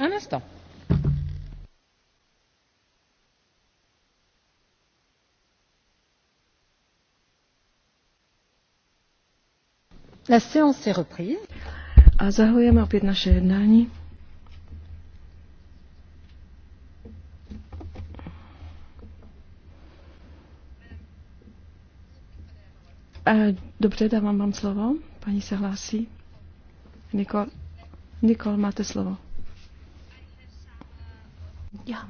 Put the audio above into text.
Un instant. La séance est reprise. A opět naše jednání. Eh, dobře, dávám vám slovo. Paní se hlásí. Nikol, Nikol máte slovo. Já.